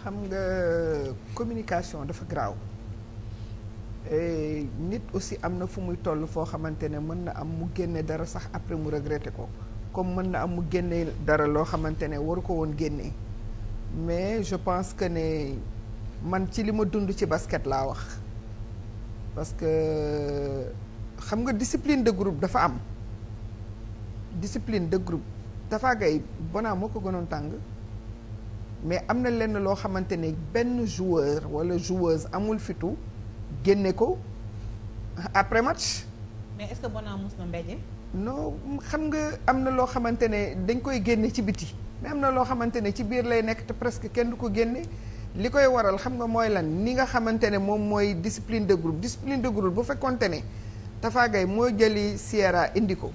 xam nga communication dafa graaw nit aussi am na fu muy toll foo xamante ne mën na am mu génne dara sax après mu regretté ko comme mën na am mu génne dara loo xamante ne waru ko woon génne mais je pense que ne man ci li ma dund ci basket laa wax parce que xam nga discipline de groupe dafa am discipline de groupe dafa gay bonaa moo ko gënoon tàng mais am na lenn loo xamante ne benn joueur wala joueuse amul fitu génne ko après match. mais est-ce que Bona mos na xam nga am na loo xamante ne dañ koy génne ci biti mais am na loo xamante ne ci biir lay nekk te presque kenn du ko génne li koy waral xam nga mooy lan ni nga xamante ne moom mooy discipline de groupe discipline de groupe bu fekkonte ne Tafa Gaye moo jëli Sierra indi ko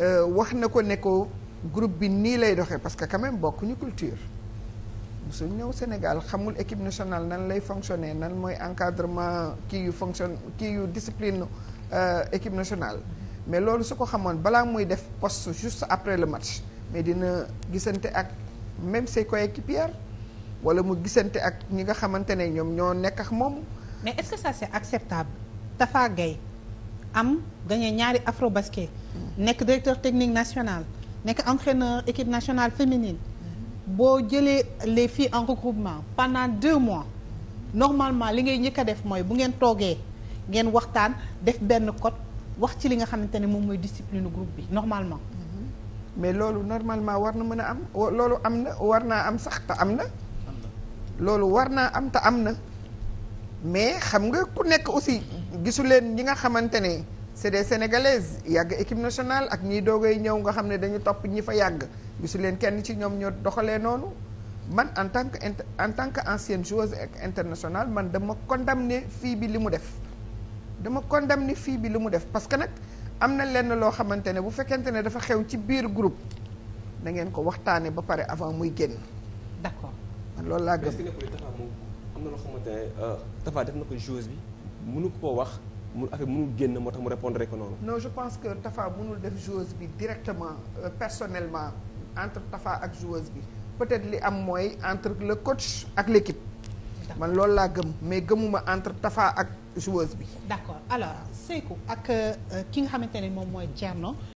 euh, wax na ko ne ko groupe bi nii lay doxee parce que quand même bokkuñu culture. su ñëw Sénégal xamul équipe nationale nan lay fonctionner nan mooy encadrement kii yu fonction kii yu discipline euh, équipe nationale mais loolu su ko xamoon balaa muy def poste juste après le match mais dina gisante ak même ses coéquipiers wala mu gisante ak ñi nga xamante ne ñoom ñoo nekk ak moom mais est-ce que ça c'est acceptable Tafa Gueye am gagné ñaari afrobasket nekk directeur technique national nekk entraîneur équipe nationale féminine boo jëlee les fii en regroupement pendant deux mois normalement li ngay njëkk a def mooy bu ngeen toogee ngeen waxtaan def benn code wax ci li nga xamante ne moom mooy discipline groupe bi normalement. Mm-hmm. mais loolu normalement war na mën a am loolu am na war naa am sax te am na. loolu war naa am te am na mais xam nga ku nekk aussi gisu leen ñi nga xamante ne. c'est des sénégalaises yàgg équipe nationale ak ñiy doogay ñëw nga xam ne dañu topp ñi fa yàgg gisu leen kenn ci ñoom ñoo doxalee noonu man en tant que en tant que ancienne joueuse ak internationale man dama condamné fii bi li mu def dama condamné fii bi li mu def parce que nag am na lenn loo xamante ne bu fekkente ne dafa xew ci biir groupe na ngeen ko waxtaane ba pare avant muy génn d'accord man loolu laa gëm am na loo xamante ne euh, def na ko joueuse bi nu ko wax mu affaire mënul génn moo tax mu répondre rek noonu. non je pense que Tafa mënul def joueuse bi directement euh, personnellement entre Tafa ak joueuse bi peut-être li am mooy entre le coach ak l'équipe man loolu laa gëm mais gëmuma entre Tafa ak joueuse bi. d'accord alors Seykou ak euh, ki nga xamante ne moom mooy Thierno.